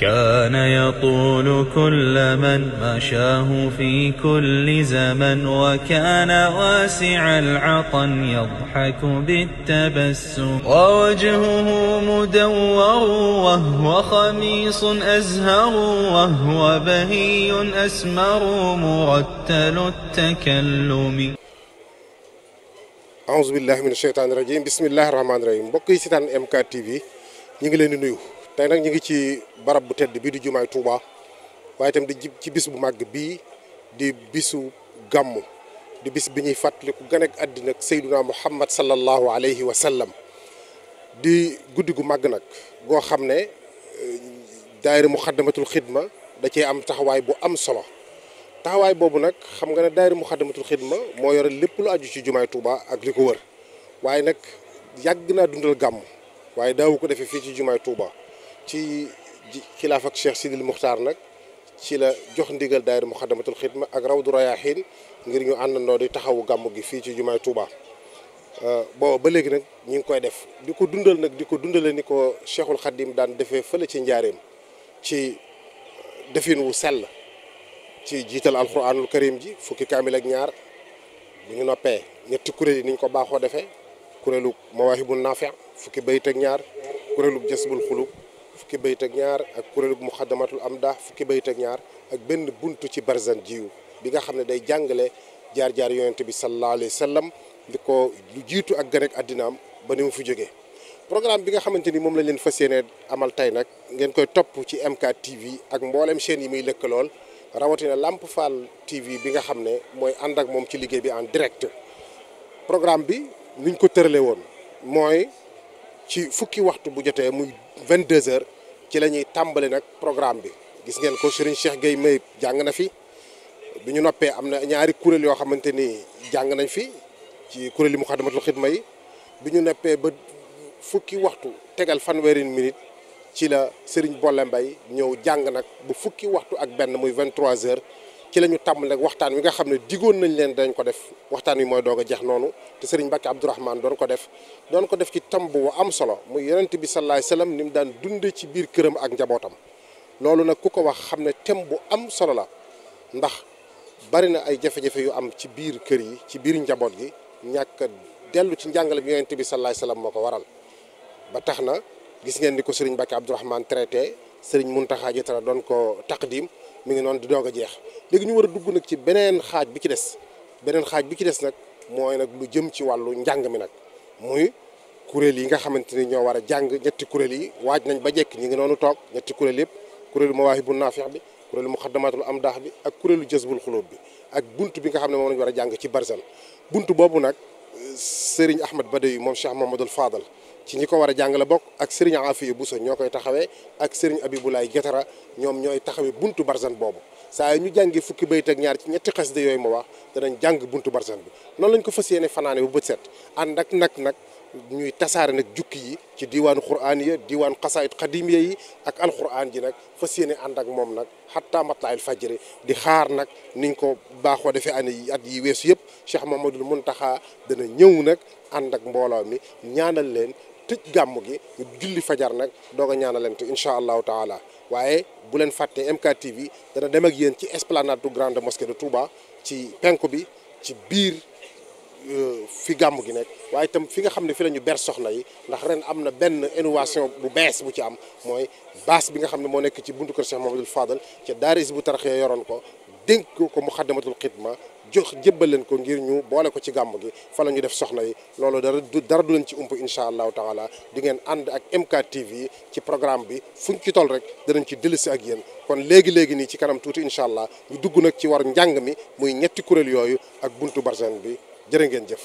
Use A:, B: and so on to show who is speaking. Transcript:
A: كان يطول كل من مشاه في كل زمن وكان واسع العطن يضحك بالتبسم ووجهه مدور وهو خميص أزهر وهو بهي أسمر مرتل التكلم
B: أعوذ بالله من الشيطان الرجيم بسم الله الرحمن الرحيم mbokk yi seetaan MK TV ñu ngi leen di nuyu tey nag ñu ngi ci barab bu tedd bii di jumaay tuuba waaye itam di ci bis bu màgg bii di bisu gàmmu di bis bi ñuy fàttaliku gën ak àddina ak Seyduna Muhammad sallallahu alayhi wa sallam di guddi gu màgg nag goo xam ne eh, daayira Muxaddamatul Xidma da cee am taxawaay bu am solo taxawaay boobu nag xam nga ne daayira Muxaddamatul Xidma moo yore lépp lu aju ci jumaay Touba ak li ko wër waaye nag yàgg naa dundal gàmm waaye daawu ko defee fii ci jumaay tuuba ci ji xilaaf ak Cheikh Sidil Muxtaar nag ci la jox ndigal daayira Muxaddamatul Xidma ak Rawdu Rayaaxiin ngir ñu àndandoo di taxawu gàmm gi fii ci jumaay Touba. Euh, booba ba léegi nag ñu ngi koy def di ko dundal nag di ko dundale ni ko Cheikhul Xadim daan defee fële ci njaareem ci defin wu sell ci jiital alxuraanul karim ji fukki kaamil ak ñaar bu ñu noppee ñetti kuréel yi ni ñu ko baaxoo defee kuréelu Mawaahibun Naafi' fukki bayit ak ñaar kuréelu Jasbul Xuluub fukki bayit ak ñaar ak kuréelu mu xaddamatul am daa fukki bayit ak ñaar ak benn buntu ci barzan jiw bi nga xam ne day jàngale jaar-jaar yonent bi sallallahu alayhi wa sallam li ko lu jiitu ak gën ak àddinaam ba ni mu fi jógee programme bi nga xamante ni moom lañ leen fas yéene amal tey nag ngeen koy topp ci MK TV ak mboolem chaîne yi muy lëkkalool rawatina Lamp Fall TV bi nga xam ne mooy ànd ak moom ci liggéey bi en directeur programme bi niñ ko tëralee woon mooy ci fukki waxtu bu jotee muy deux heures ci la ñuy tàmbali nag programme bi gis ngeen ko Serigne Cheikh Gueye May jàng na fi bu ñu noppee am na ñaari kuréel yoo xamante ni jàng nañ fi ci kuréel yi Muxaddamatul Xidma yi bu ñu noppee ba fukki waxtu tegal fanweeri minute ci la Serigne Bolle Mbaye ñëw jàng nag bu fukki waxtu ak benn muy 23 heures. ci la ñu tàmbali nag waxtaan wi nga xam ne digoon nañ leen dañ ko def waxtaan wi mooy doog a jeex noonu te sëriñ Mbacke Abdourahmane doon ko def doon ko def ci tam bu am solo muy yonent bi sallallahu alayhi wasallam ni mu daan dunde ci biir këram ak njabootam loolu nag ku ko wax xam ne tem bu am solo la ndax bari na ay jafe yu am ci biir kër yi ci biir njaboot gi ñàkk dellu ci njàngale bi yonent bi moo ko waral ba tax na gis ngeen ni ko sëriñ Mbacke Abdourahmane traité sëriñ Mountakha Diatara doon ko diim mu ngi noonu di doog a jeex léegi ñu war a dugg nag ci beneen xaaj bi ci des beneen xaaj bi ci des nag mooy nag lu jëm ci wàllu njàng mi nag muy kuréel yi nga xamante ni ñoo war a jàng ñetti kuréel yi waaj nañ ba jekk ñi ngi noonu toog ñetti kuréel yëpp kuréelu mawaahibu naafix bi kuréelu muxaddamaatul am daax bi ak kuréelu jësbul xulóob bi ak bunt bi nga xam ne moom lañu war a jàng ci barzan bunt boobu nag Serigne Ahmed Badawi moom Cheikh Mamadou Fadal ci ñi ko war a jàng bokk ak Serigne Afiya Bousso ñoo koy taxawee ak Serigne Abibulaay Getara ñoom ñooy taxawee buntu barzan boobu saa yi ñu jàngee fukki bayit ak ñaar ci ñetti xasida yooyu ma wax danañ jàng buntu barsan bi noonu lañ ko fas yéene fanaane bu bët set ànd ak nag nag ñuy tasaare nag jukki yi ci diiwaanu quraan ya diiwaan xasaayit xadimiya yi ak alquran ji nag fas yéene ànd ak moom nag xatta matlaayil fajri di xaar nag niñ ko baaxoo defee année yi at yi weesu yëpp Cheikh Mamadul Muntaxa dana ñëw nag ànd ak mbooloo mi ñaanal leen tëj gàmm gi ñu julli fajar nag doog a ñaanalante incha allahu taala waaye bu leen fàtte MKTV dana dem ak yéen ci esplanade du grande mosquée de Touba ci penku bi ci biir euh, fi gàmm gi nekk waaye tam fi nga xam ne fi la ñu ber soxna yi ndax ren am na benn innovation bu bees bu ci am mooy baas bi nga xam ne moo nekk ci buntu kër Cheikh Mamadou Fadal ca daara is bu tarax yoroon ko dénk ko mu xaddamatul ma jox jébbal leen ko ngir ñu boole ko ci gàmb gi fa la ñu def soxna yi loolu dara du dara du leen ci ump incha allahu taala di ngeen ànd ak MKTV ci programme bi fuñ ci toll rek danañ ci si ak yéen kon léegi léegi nii ci kanam tuuti incha allah ñu dugg nag ci war njàng mi muy ñetti kuréel yooyu ak buntu barsen bi jërë ngeen jëf.